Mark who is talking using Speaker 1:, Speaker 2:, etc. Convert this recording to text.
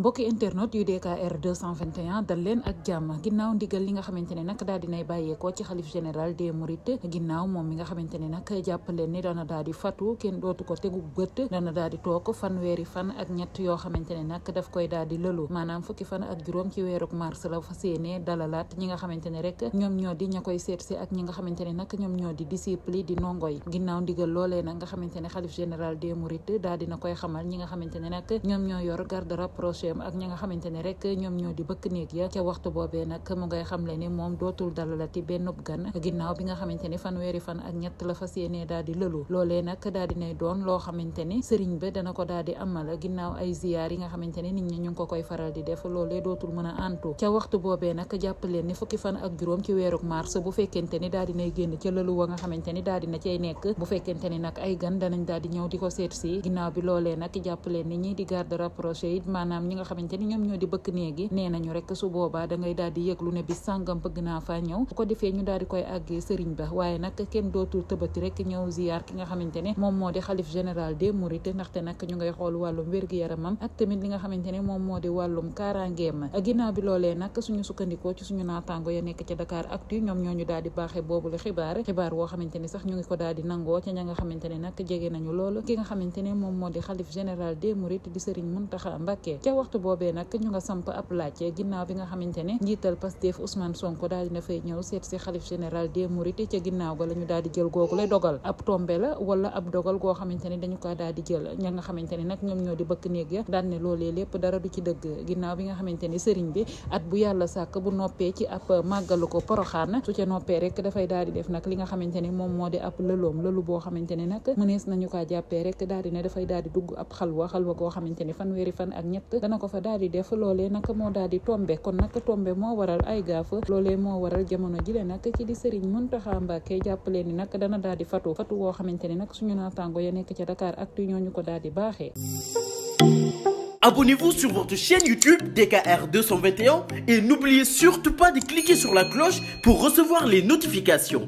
Speaker 1: mbokki internet yu DKR 221 dal leen ak jàmm ginnaaw ndigal li nga xamante ne nag daal dinay bàyyeekoo ci xalif général des mourides ginnaaw di fatu ko tegu gët dana daal di toog fanweeri fan ak ñett yoo ne nag daf koy daal di lëlu maanaam fukki fan ak juróom ci weeruk mars la fas yéene dalalaat ñi nga xamante ne rek ñoo di koy seet si ak ñi nga ne nag ñoom ñoo di disciple di nongoy ginnaaw ndigal loolee nag nga xamante ne xalif général des mourides daal dina koy xamal ñi nga xamante ne nag ñoom ñoo yor garde rapproché digganteem ak ña nga xamante ne rek ñoom ñoo di bëkk néeg ya ca waxtu boobee nag mu ngay xamle ni moom dootul dalalati benn gan ginnaaw bi nga xamante ni fanweeri fan ak ñett la fas yéenee daal di lëlu loolee nag daal di nay doon loo xamante ni sëriñ ba dana ko daal di amal ginnaaw ay ziyaar yi nga xamante ne nit ña ñu ngi ko koy faral di def loolee dootul mën a antu ca waxtu boobee nag jàpp leen ni fukki fan ak juróom ci weeruk mars bu fekkente ni daal di nay génn ca lëlu wa nga xamante ni daal di na cay nekk bu fekkente ni nag ay gan danañ daal di ñëw di ko seet si ginnaaw bi loolee nag jàpp leen ni ñii di garde rapproché ñi nga xamante ni ñoom ñoo di bëkk néegi nee nañu rek su boobaa da ngay daal di yëg lu bi sàngam bëgg naa faa ñëw ko defee ñu daal di koy àggee sëriñ ba waaye nag kenn dootul tëbati rek ñëw ziyaar ki nga xamante ne moom moo di xalif général des mourides ndaxte nag ñu ngay xool wàllum wér-gu-yaramam ak tamit li nga xamante ne moom moo di wàllum kaaraangeem ginnaaw bi loolee nag suñu sukkandikoo ci suñu naataango ya nekk ca Dakar Actu ñoom ñoo ñu daal di boobu la xibaar xibaar woo xamante ne sax ñu ngi ko daal di nangoo ca ña nga xamante ne nag jege nañu loolu ki nga xamante ne moom moo di xalif général des mourides di sëriñ Muntaxa Mbàkke waxtu boobee nag ñu nga samp ab laajte ginnaaw bi nga xamante ne njiital Pastef Ousmane Sonko daal dina fay ñëw seet si xalif général des Mourides ca ginnaaw ga nga xamante nag ñoom ñoo di bëkk néeg ya daan ne loolee lépp dara du ci dëgg ginnaaw bi nga xamante sëriñ bi at bu yàlla sàkk bu noppee ci ab màggalu ko poroxaan su ca noppee rek dafay daal def nag li nga xamante moom moo di ab lëloom lëlu boo xamante nag mënees nañu kaa jàppee rek daal dana ko fa daal di def loolee nag moo daal di tombe kon nag tombe moo waral ay gaafa loolee moo waral jamono jile nag ci di Serigne Mountakha Mbacké jàppale ni nag dana daal di fatu fatu woo xamante ni nag suñu naataango ya nekk ca Dakar ak tu ñooñu ko daal di baaxee
Speaker 2: Abonnez-vous sur votre chaîne YouTube DKR 221 et n'oubliez surtout pas de cliquer sur la cloche pour recevoir les notifications